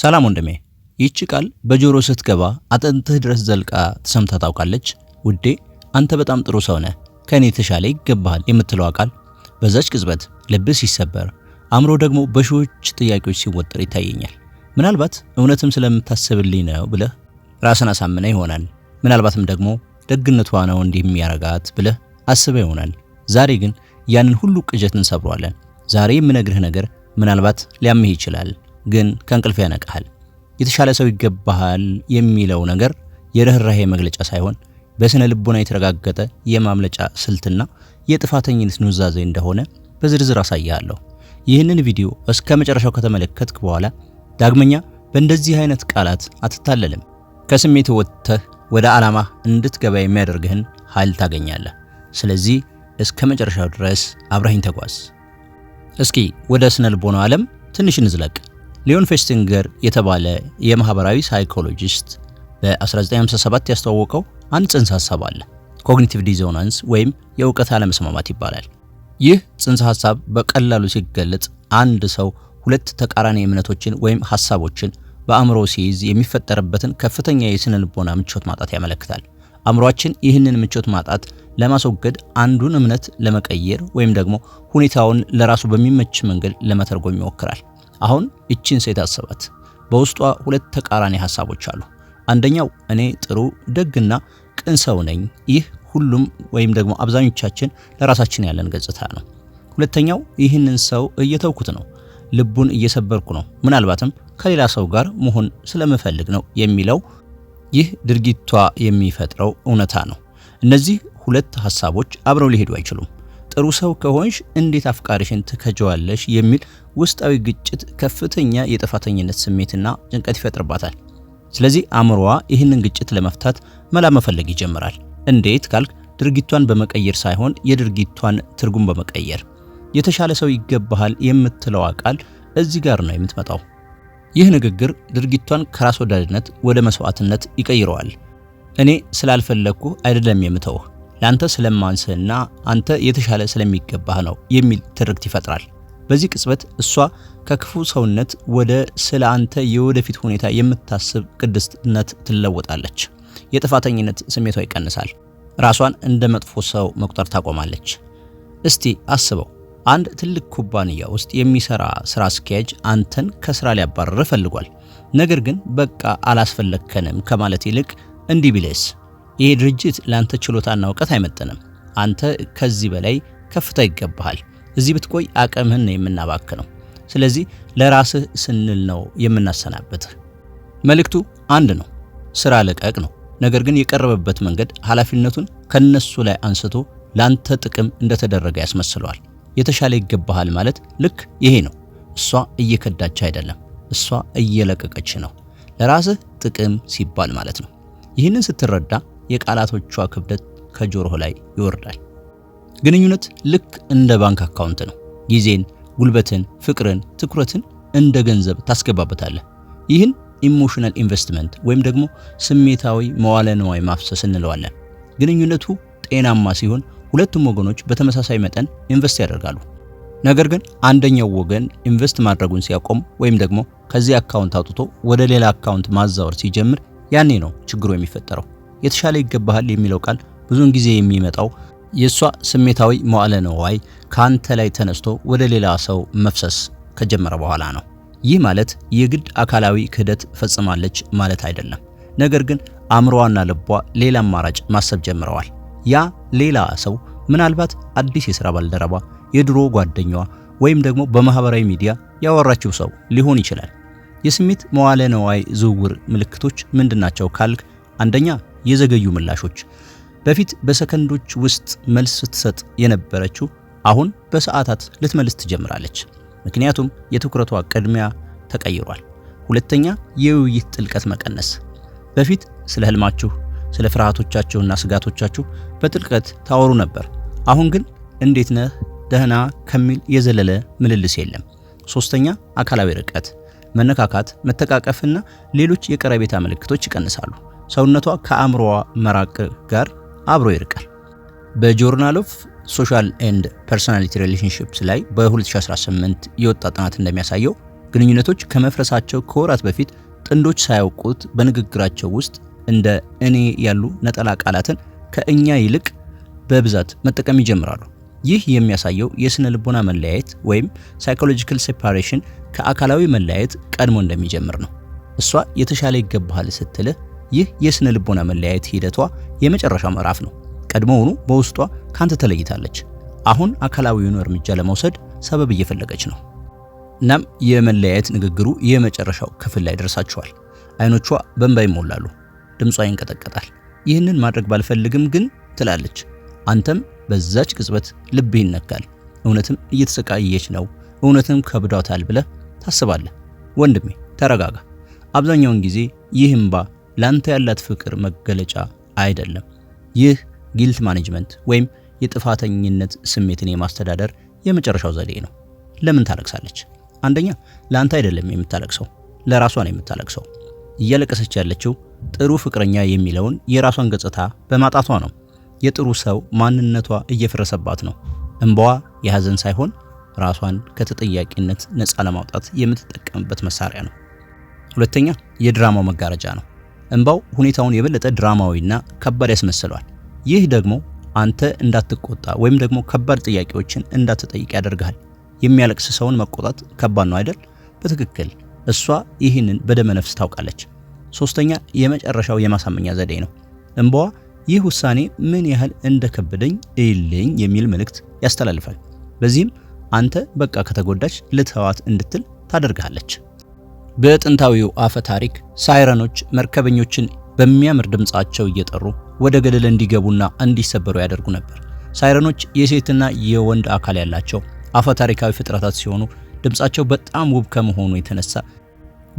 ሰላም ወንድሜ፣ ይቺ ቃል በጆሮ ስትገባ አጥንትህ ድረስ ዘልቃ ተሰምታ ታውቃለች። ውዴ፣ አንተ በጣም ጥሩ ሰው ነህ፣ ከእኔ የተሻለ ይገባሃል የምትለዋ ቃል በዛች ቅጽበት ልብ ሲሰበር፣ አእምሮ ደግሞ በሺዎች ጥያቄዎች ሲወጠር ይታየኛል። ምናልባት እውነትም ስለምታስብልኝ ነው ብለህ ራስን አሳምነ ይሆናል። ምናልባትም ደግሞ ደግነቷ ነው እንዲህ የሚያረጋት ብለህ አስበ ይሆናል። ዛሬ ግን ያንን ሁሉ ቅዠት እንሰብሯለን። ዛሬ የምነግርህ ነገር ምናልባት ሊያምህ ይችላል። ግን ከእንቅልፍ ያነቃሃል። የተሻለ ሰው ይገባሃል የሚለው ነገር የርኅራሄ መግለጫ ሳይሆን በስነ ልቦና የተረጋገጠ የማምለጫ ስልትና የጥፋተኝነት ኑዛዜ እንደሆነ በዝርዝር አሳያለሁ። ይህንን ቪዲዮ እስከ መጨረሻው ከተመለከትክ በኋላ ዳግመኛ በእንደዚህ አይነት ቃላት አትታለልም። ከስሜት ወጥተህ ወደ ዓላማ እንድትገባ የሚያደርግህን ኃይል ታገኛለህ። ስለዚህ እስከ መጨረሻው ድረስ አብረኸኝ ተጓዝ። እስኪ ወደ ስነ ልቦና ዓለም ትንሽ እንዝለቅ። ሊዮን ፌስቲንገር የተባለ የማህበራዊ ሳይኮሎጂስት በ1957 ያስተዋወቀው አንድ ጽንሰ ሐሳብ አለ። ኮግኒቲቭ ዲዞናንስ ወይም የእውቀት አለመስማማት ይባላል። ይህ ጽንሰ ሐሳብ በቀላሉ ሲገለጽ አንድ ሰው ሁለት ተቃራኒ እምነቶችን ወይም ሐሳቦችን በአእምሮ ሲይዝ የሚፈጠርበትን ከፍተኛ የስነ ልቦና ምቾት ማጣት ያመለክታል። አእምሯችን ይህንን ምቾት ማጣት ለማስወገድ አንዱን እምነት ለመቀየር ወይም ደግሞ ሁኔታውን ለራሱ በሚመች መንገድ ለመተርጎም ይሞክራል። አሁን እቺን ሴት አስባት። በውስጧ ሁለት ተቃራኒ ሀሳቦች አሉ። አንደኛው እኔ ጥሩ ደግና ቅን ሰው ነኝ። ይህ ሁሉም ወይም ደግሞ አብዛኞቻችን ለራሳችን ያለን ገጽታ ነው። ሁለተኛው ይህንን ሰው እየተውኩት ነው፣ ልቡን እየሰበርኩ ነው፣ ምናልባትም ከሌላ ሰው ጋር መሆን ስለምፈልግ ነው የሚለው ይህ ድርጊቷ የሚፈጥረው እውነታ ነው። እነዚህ ሁለት ሀሳቦች አብረው ሊሄዱ አይችሉም። ጥሩ ሰው ከሆንሽ እንዴት አፍቃሪሽን ትከጀዋለሽ? የሚል ውስጣዊ ግጭት ከፍተኛ የጥፋተኝነት ስሜትና ጭንቀት ይፈጥርባታል። ስለዚህ አእምሮዋ ይህንን ግጭት ለመፍታት መላ መፈለግ ይጀምራል። እንዴት ካልክ ድርጊቷን በመቀየር ሳይሆን የድርጊቷን ትርጉም በመቀየር የተሻለ ሰው ይገባሃል የምትለዋ ቃል እዚህ ጋር ነው የምትመጣው። ይህ ንግግር ድርጊቷን ከራስ ወዳድነት ወደ መስዋዕትነት ይቀይረዋል። እኔ ስላልፈለግኩ አይደለም የምተውህ ለአንተ ስለማንስህና አንተ የተሻለ ስለሚገባህ ነው የሚል ትርክት ይፈጥራል። በዚህ ቅጽበት እሷ ከክፉ ሰውነት ወደ ስለ አንተ የወደፊት ሁኔታ የምታስብ ቅድስትነት ትለወጣለች። የጥፋተኝነት ስሜቷ ይቀንሳል። ራሷን እንደ መጥፎ ሰው መቁጠር ታቆማለች። እስቲ አስበው፣ አንድ ትልቅ ኩባንያ ውስጥ የሚሰራ ስራ አስኪያጅ አንተን ከስራ ሊያባረር ፈልጓል። ነገር ግን በቃ አላስፈለግከንም ከማለት ይልቅ እንዲህ ቢልስ ይሄ ድርጅት ለአንተ ችሎታና እውቀት አይመጥንም፣ አንተ ከዚህ በላይ ከፍታ ይገባሃል፣ እዚህ ብትቆይ አቅምህን ነው ነው። ስለዚህ ለራስህ ስንል ነው የምናሰናበትህ። መልእክቱ አንድ ነው፣ ስራ ልቀቅ ነው። ነገር ግን የቀረበበት መንገድ ኃላፊነቱን ከነሱ ላይ አንስቶ ላንተ ጥቅም እንደተደረገ ያስመስለዋል። የተሻለ ይገባሃል ማለት ልክ ይሄ ነው። እሷ እየከዳች አይደለም፣ እሷ እየለቀቀች ነው። ለራስህ ጥቅም ሲባል ማለት ነው። ይህንን ስትረዳ የቃላቶቿ ክብደት ከጆሮህ ላይ ይወርዳል። ግንኙነት ልክ እንደ ባንክ አካውንት ነው። ጊዜን፣ ጉልበትን፣ ፍቅርን፣ ትኩረትን እንደ ገንዘብ ታስገባበታለህ። ይህን ኢሞሽናል ኢንቨስትመንት ወይም ደግሞ ስሜታዊ መዋለ ንዋይ ማፍሰስ እንለዋለን። ግንኙነቱ ጤናማ ሲሆን ሁለቱም ወገኖች በተመሳሳይ መጠን ኢንቨስት ያደርጋሉ። ነገር ግን አንደኛው ወገን ኢንቨስት ማድረጉን ሲያቆም ወይም ደግሞ ከዚህ አካውንት አውጥቶ ወደ ሌላ አካውንት ማዛወር ሲጀምር ያኔ ነው ችግሩ የሚፈጠረው። የተሻለ ይገባሃል የሚለው ቃል ብዙውን ጊዜ የሚመጣው የእሷ ስሜታዊ መዋዕለ ንዋይ ከአንተ ላይ ተነስቶ ወደ ሌላ ሰው መፍሰስ ከጀመረ በኋላ ነው። ይህ ማለት የግድ አካላዊ ክህደት ፈጽማለች ማለት አይደለም። ነገር ግን አእምሮዋና ልቧ ሌላ አማራጭ ማሰብ ጀምረዋል። ያ ሌላ ሰው ምናልባት አዲስ የሥራ ባልደረባ፣ የድሮ ጓደኛዋ ወይም ደግሞ በማህበራዊ ሚዲያ ያወራችው ሰው ሊሆን ይችላል። የስሜት መዋለ ነዋይ ዝውውር ምልክቶች ምንድናቸው ካልክ አንደኛ የዘገዩ ምላሾች። በፊት በሰከንዶች ውስጥ መልስ ስትሰጥ የነበረችው አሁን በሰዓታት ልትመልስ ትጀምራለች። ምክንያቱም የትኩረቷ ቅድሚያ ተቀይሯል። ሁለተኛ የውይይት ጥልቀት መቀነስ። በፊት ስለ ህልማችሁ፣ ስለ ፍርሃቶቻችሁና ስጋቶቻችሁ በጥልቀት ታወሩ ነበር። አሁን ግን እንዴት ነህ፣ ደህና ከሚል የዘለለ ምልልስ የለም። ሶስተኛ አካላዊ ርቀት፣ መነካካት፣ መተቃቀፍና ሌሎች የቀረቤታ ምልክቶች ይቀንሳሉ። ሰውነቷ ከአምሮዋ መራቅ ጋር አብሮ ይርቃል። በጆርናል ኦፍ ሶሻል ኤንድ ፐርሶናሊቲ ሪሌሽንሽፕስ ላይ በ2018 የወጣ ጥናት እንደሚያሳየው ግንኙነቶች ከመፍረሳቸው ከወራት በፊት ጥንዶች ሳያውቁት በንግግራቸው ውስጥ እንደ እኔ ያሉ ነጠላ ቃላትን ከእኛ ይልቅ በብዛት መጠቀም ይጀምራሉ። ይህ የሚያሳየው የስነ ልቦና መለያየት ወይም ሳይኮሎጂካል ሴፓሬሽን ከአካላዊ መለያየት ቀድሞ እንደሚጀምር ነው። እሷ የተሻለ ይገባሃል ስትልህ ይህ የስነ ልቦና መለያየት ሂደቷ የመጨረሻ ምዕራፍ ነው። ቀድሞውኑ በውስጧ ካንተ ተለይታለች። አሁን አካላዊውን እርምጃ ለመውሰድ ሰበብ እየፈለገች ነው። እናም የመለያየት ንግግሩ የመጨረሻው ክፍል ላይ ደርሳችኋል። አይኖቿ በእንባ ይሞላሉ፣ ድምጿ ይንቀጠቀጣል። ይህንን ማድረግ ባልፈልግም ግን ትላለች። አንተም በዛች ቅጽበት ልብህ ይነካል። እውነትም እየተሰቃየች ነው፣ እውነትም ከብዷታል ብለህ ታስባለህ። ወንድሜ ተረጋጋ። አብዛኛውን ጊዜ ይህ እምባ ላንተ ያላት ፍቅር መገለጫ አይደለም። ይህ ጊልት ማኔጅመንት ወይም የጥፋተኝነት ስሜትን የማስተዳደር የመጨረሻው ዘዴ ነው። ለምን ታለቅሳለች? አንደኛ ላንተ አይደለም የምታለቅሰው፣ ለራሷ ነው የምታለቅሰው። እያለቀሰች ያለችው ጥሩ ፍቅረኛ የሚለውን የራሷን ገጽታ በማጣቷ ነው። የጥሩ ሰው ማንነቷ እየፈረሰባት ነው። እንባዋ የሐዘን ሳይሆን ራሷን ከተጠያቂነት ነፃ ለማውጣት የምትጠቀምበት መሳሪያ ነው። ሁለተኛ የድራማው መጋረጃ ነው። እንባው ሁኔታውን የበለጠ ድራማዊና ከባድ ያስመስለዋል። ይህ ደግሞ አንተ እንዳትቆጣ ወይም ደግሞ ከባድ ጥያቄዎችን እንዳትጠይቅ ያደርግሃል። የሚያለቅስ ሰውን መቆጣት ከባድ ነው አይደል? በትክክል እሷ ይህንን ነፍስ ታውቃለች። ሶስተኛ የመጨረሻው የማሳመኛ ዘዴ ነው። እምባዋ ይህ ውሳኔ ምን ያህል እንደከበደኝ እይልኝ የሚል መልእክት ያስተላልፋል። በዚህም አንተ በቃ ከተጎዳች ለተዋት እንድትል ታደርግሃለች። በጥንታዊው አፈ ታሪክ ሳይረኖች መርከበኞችን በሚያምር ድምፃቸው እየጠሩ ወደ ገደል እንዲገቡና እንዲሰበሩ ያደርጉ ነበር። ሳይረኖች የሴትና የወንድ አካል ያላቸው አፈ ታሪካዊ ፍጥረታት ሲሆኑ ድምፃቸው በጣም ውብ ከመሆኑ የተነሳ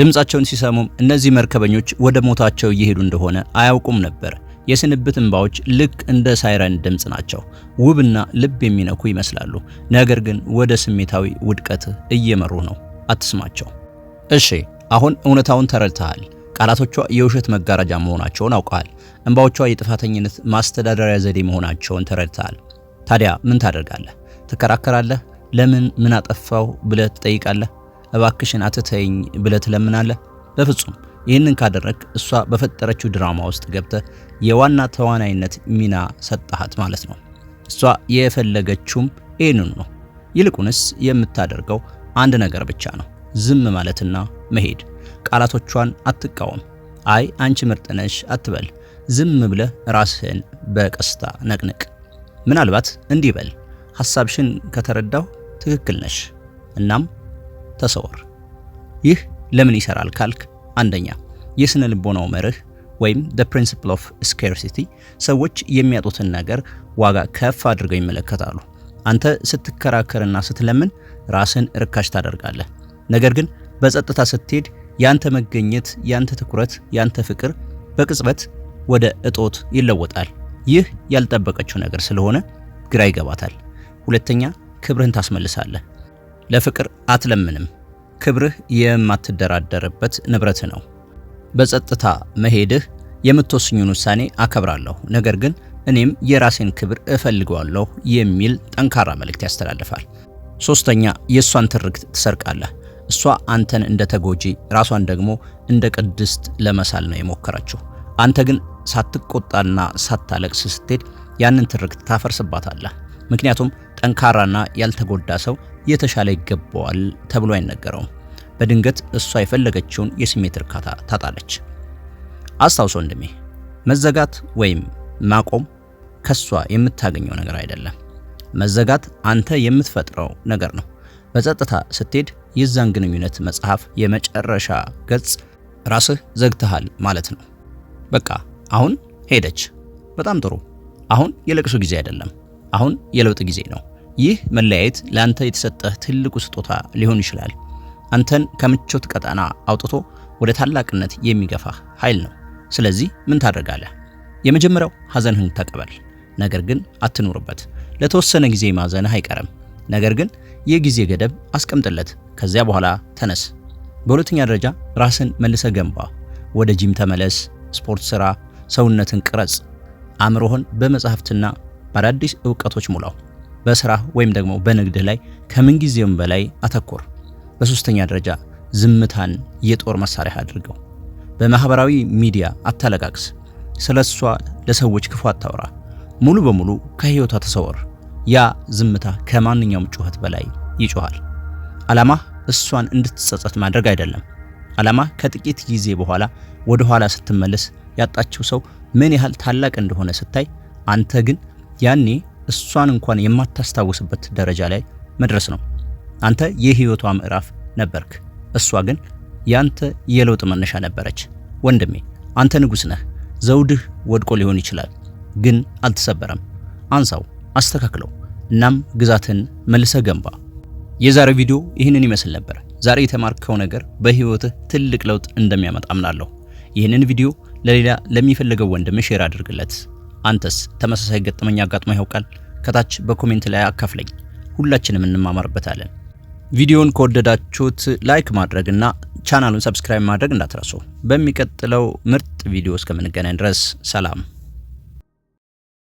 ድምፃቸውን ሲሰሙም እነዚህ መርከበኞች ወደ ሞታቸው እየሄዱ እንደሆነ አያውቁም ነበር። የስንብት እንባዎች ልክ እንደ ሳይረን ድምፅ ናቸው። ውብና ልብ የሚነኩ ይመስላሉ። ነገር ግን ወደ ስሜታዊ ውድቀት እየመሩ ነው። አትስማቸው። እሺ አሁን እውነታውን ተረድተሃል። ቃላቶቿ የውሸት መጋረጃ መሆናቸውን አውቀሃል። እንባዎቿ የጥፋተኝነት ማስተዳደሪያ ዘዴ መሆናቸውን ተረድተሃል። ታዲያ ምን ታደርጋለህ? ትከራከራለህ? ለምን ምን አጠፋው ብለህ ትጠይቃለህ? እባክሽን አትተይኝ ብለህ ትለምናለህ? በፍጹም። ይህንን ካደረግ እሷ በፈጠረችው ድራማ ውስጥ ገብተህ የዋና ተዋናይነት ሚና ሰጠሃት ማለት ነው። እሷ የፈለገችውም ይህንኑ ነው። ይልቁንስ የምታደርገው አንድ ነገር ብቻ ነው። ዝም ማለትና መሄድ። ቃላቶቿን አትቃወም። አይ አንቺ ምርጥ ነሽ አትበል። ዝም ብለህ ራስህን በቀስታ ነቅንቅ። ምናልባት እንዲህ በል፣ ሐሳብሽን ከተረዳሁ ትክክል ነሽ፣ እናም ተሰወር። ይህ ለምን ይሰራል ካልክ፣ አንደኛ የስነ ልቦናው መርህ ወይም the principle of scarcity ሰዎች የሚያጡትን ነገር ዋጋ ከፍ አድርገው ይመለከታሉ። አንተ ስትከራከርና ስትለምን ራስን ርካሽ ታደርጋለህ። ነገር ግን በጸጥታ ስትሄድ ያንተ መገኘት፣ ያንተ ትኩረት፣ ያንተ ፍቅር በቅጽበት ወደ እጦት ይለወጣል። ይህ ያልጠበቀችው ነገር ስለሆነ ግራ ይገባታል። ሁለተኛ ክብርህን ታስመልሳለህ። ለፍቅር አትለምንም። ክብርህ የማትደራደርበት ንብረት ነው። በጸጥታ መሄድህ የምትወስኙን ውሳኔ አከብራለሁ፣ ነገር ግን እኔም የራሴን ክብር እፈልገዋለሁ የሚል ጠንካራ መልእክት ያስተላልፋል። ሶስተኛ የእሷን ትርክት ትሰርቃለህ። እሷ አንተን እንደ ተጎጂ ራሷን ደግሞ እንደ ቅድስት ለመሳል ነው የሞከረችው። አንተ ግን ሳትቆጣና ሳታለቅስ ስትሄድ ያንን ትርክት ታፈርስባታለህ። ምክንያቱም ጠንካራና ያልተጎዳ ሰው የተሻለ ይገባዋል ተብሎ አይነገረውም። በድንገት እሷ የፈለገችውን የስሜት እርካታ ታጣለች። አስታውሶ ወንድሜ፣ መዘጋት ወይም ማቆም ከሷ የምታገኘው ነገር አይደለም። መዘጋት አንተ የምትፈጥረው ነገር ነው። በጸጥታ ስትሄድ የዛን ግንኙነት መጽሐፍ የመጨረሻ ገጽ ራስህ ዘግተሃል ማለት ነው። በቃ አሁን ሄደች። በጣም ጥሩ። አሁን የለቅሶ ጊዜ አይደለም። አሁን የለውጥ ጊዜ ነው። ይህ መለያየት ለአንተ የተሰጠህ ትልቁ ስጦታ ሊሆን ይችላል። አንተን ከምቾት ቀጠና አውጥቶ ወደ ታላቅነት የሚገፋህ ኃይል ነው። ስለዚህ ምን ታደርጋለህ? የመጀመሪያው ሐዘንህን ተቀበል፣ ነገር ግን አትኑርበት። ለተወሰነ ጊዜ ማዘንህ አይቀርም፣ ነገር ግን የጊዜ ገደብ አስቀምጥለት። ከዚያ በኋላ ተነስ። በሁለተኛ ደረጃ ራስን መልሰ ገንባ። ወደ ጂም ተመለስ፣ ስፖርት ስራ፣ ሰውነትን ቅረጽ። አእምሮህን በመጽሐፍትና በአዳዲስ እውቀቶች ሙላው። በስራ ወይም ደግሞ በንግድህ ላይ ከምንጊዜውም በላይ አተኮር። በሶስተኛ ደረጃ ዝምታን የጦር መሳሪያ አድርገው። በማህበራዊ ሚዲያ አታለቃቅስ። ስለሷ ለሰዎች ክፉ አታውራ። ሙሉ በሙሉ ከህይወቷ ተሰወር። ያ ዝምታ ከማንኛውም ጩኸት በላይ ይጮሃል። ዓላማ እሷን እንድትጸጸት ማድረግ አይደለም። ዓላማ ከጥቂት ጊዜ በኋላ ወደ ኋላ ስትመለስ ያጣችው ሰው ምን ያህል ታላቅ እንደሆነ ስታይ፣ አንተ ግን ያኔ እሷን እንኳን የማታስታውስበት ደረጃ ላይ መድረስ ነው። አንተ የህይወቷ ምዕራፍ ነበርክ፣ እሷ ግን ያንተ የለውጥ መነሻ ነበረች። ወንድሜ አንተ ንጉሥ ነህ። ዘውድህ ወድቆ ሊሆን ይችላል፣ ግን አልተሰበረም። አንሳው። አስተካክለው፣ እናም ግዛትን መልሰ ገንባ። የዛሬው ቪዲዮ ይህንን ይመስል ነበር። ዛሬ የተማርከው ነገር በህይወትህ ትልቅ ለውጥ እንደሚያመጣ አምናለሁ። ይህንን ቪዲዮ ለሌላ ለሚፈልገው ወንድም ሼር አድርግለት። አንተስ ተመሳሳይ ገጠመኝ አጋጥሞ ያውቃል? ከታች በኮሜንት ላይ አካፍለኝ። ሁላችንም እንማማርበታለን። ቪዲዮውን ከወደዳችሁት ላይክ ማድረግና ቻናሉን ሰብስክራይብ ማድረግ እንዳትረሱ። በሚቀጥለው ምርጥ ቪዲዮ እስከምንገናኝ ድረስ ሰላም።